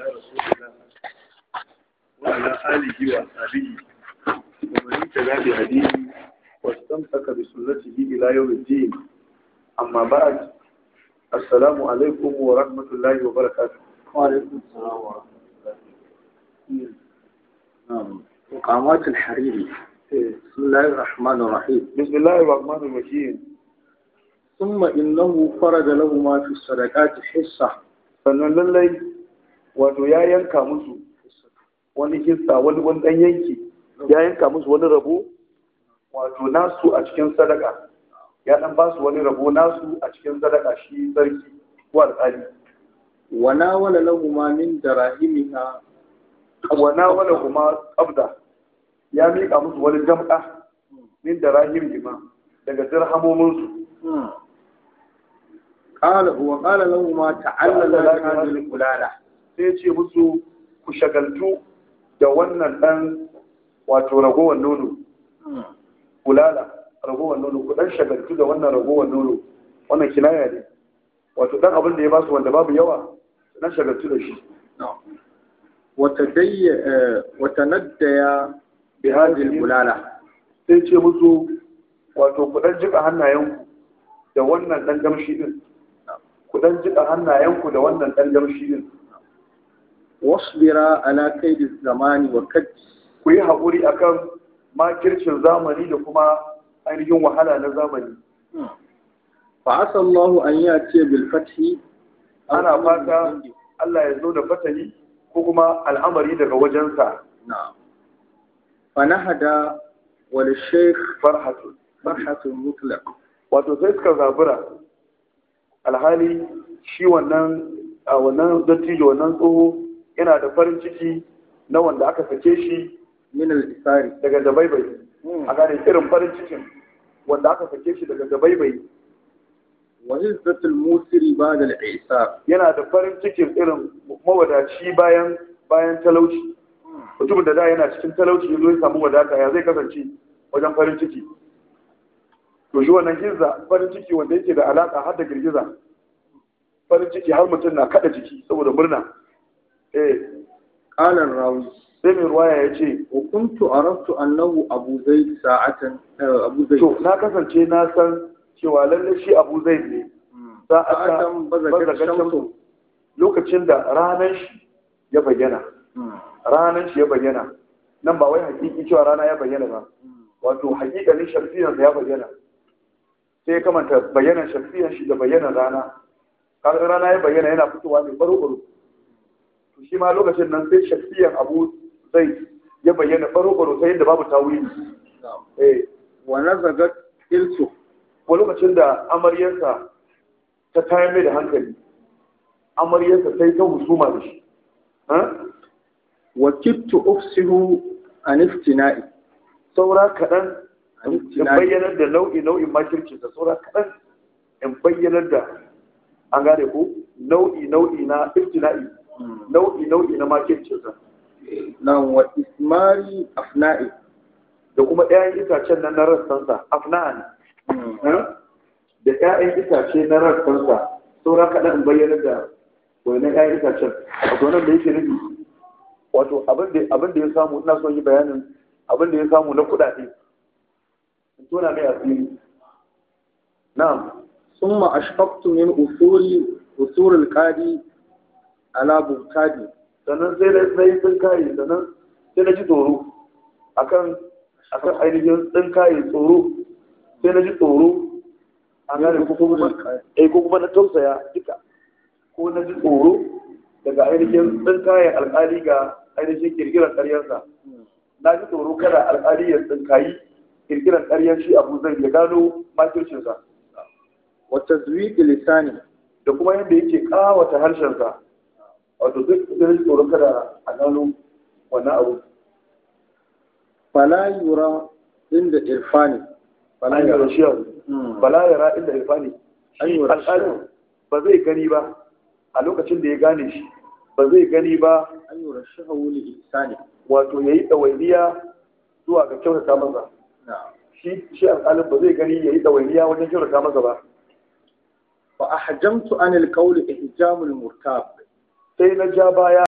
على رسول الله وعلى آله وأصحابه ومن اهتدى بهديه واستمسك بسنته إلى يوم الدين أما بعد السلام عليكم ورحمة الله وبركاته وعليكم السلام ورحمة الله نعم مقامات الحريري بسم الله الرحمن الرحيم بسم الله الرحمن الرحيم ثم إنه فرد له ما في الصدقات حصة sannan lallai wato ya yanka musu wani kista wani wani yanki ya yanka musu wani rabo wato nasu a cikin sadaka ya dan ba su wani rabo nasu a cikin sadaka shi sarki ko alƙali wana wala ma min darahimiha wana wala kuma qabda ya miƙa musu wani jam'a min darahimihima daga dirhamomin su قال وقال لهما تعلل هذه kulala. sai ce musu ku shagaltu da wannan ɗan wato ragowar nono kulala ragowar nono ku ɗan shagaltu da wannan ragowar nono wannan kinaya ne wato ɗan abin da ya basu wanda babu yawa ɗan shagaltu da shi wata eh, naddaya bi hadil kulala sai ce musu wato ku ɗan jiƙa hannayenku da wannan ɗan gamshi ɗin ku ɗan jiƙa hannayenku da wannan ɗan gamshi ɗin wasbira ala kaidi zamani wa kaddi ku yi haƙuri akan makircin zamani da kuma ainihin wahala na zamani fa asallahu an ce bil fathi ana fata Allah ya zo da fatahi ko kuma al'amari daga wajensa na'am fa nahada wal shaykh farhatun mutlaq wato sai suka zabura alhali shi wannan a wannan dattijo wannan tsoho ina da farin ciki na wanda aka sake shi min al-isari daga dabaibai hmm. a gane irin farin cikin wanda aka sake shi daga dabaibai wa izzatul musiri ba'da al isa yana da farin cikin irin mawadaci bayan bayan talauci hmm. mutumin da da yana cikin talauci yazo ya samu wadata ya zai kasance wajen farin ciki to shi wannan girza farin ciki wanda yake da alaka har da girgiza farin ciki har mutum na kada jiki saboda murna eh qalan rawi sai mai ruwa ya ce wa kuntu araftu annahu abu zaid sa'atan eh, abu zaid to na kasance na san cewa lalle shi abu zaid ne hmm. sa'atan bazakar shamsu lokacin da ranar shi ya bayyana hmm. ranar shi ya bayyana nan ba wai hakiki cewa rana ya bayyana ba hmm. wato hakikanin shamsiyar da ya bayyana sai ya kamanta bayyana shamsiyar shi da bayyana rana kaga rana ya bayyana yana fitowa ne baro baro shi ma lokacin nan sai shafiyan abu zai ya bayyana baro-baro sai yadda babu tawili eh wannan zaga ilso ko lokacin da amaryarsa ta tayar mai da hankali amaryarsa sai ta husuma da shi wa kittu ufsihu an iftina'i saura kaɗan in bayyanar da nau'i nau'in makirci da saura kaɗan in bayyanar da an gane ko nau'i nau'i na iftina'i Hmm. nau'i nau'i na makin sa nan wa ismari afna'i da kuma ɗayan itacen nan na rassansa afna'an hmm. eh? da ɗayan itace na rassansa saura kaɗan in bayyana da wannan ƴaƴan itacen wato nan da yake nufi wato abin da ya samu ina son yi bayanin abin da ya samu na kuɗaɗe tona mai asiri na'am summa ashfaqtu min usuli usul al-qadi ala kadi, sannan sai na sai kai sannan sai na ji tsoro akan akan ainihin tsinkaye tsoro sai na ji tsoro a gane ko kuma eh ko kuma na tausaya duka ko na ji tsoro daga ainihin tsinkayen alƙali ga ainihin kirkirar ƙaryarsa na ji tsoro kada alƙali ya kai kirkirar ƙaryar shi abu zai ya gano makircinsa wata zuwi lisani da kuma yadda yake ƙawata harshensa wato duk sun tsoron kada a gano wannan abu fala yura inda irfani fala yura shi hmm. fala yura inda irfani alƙalin ba zai gani ba a lokacin da ya gane shi ba zai gani ba an yura shi hawu li ihsani wato ya yi ɗawainiya zuwa ga kyautata masa shi shi alƙalin ba zai gani ya yi ɗawainiya wajen kyautata masa ba fa ahjamtu anil qawli ihjamul murtab Say the ja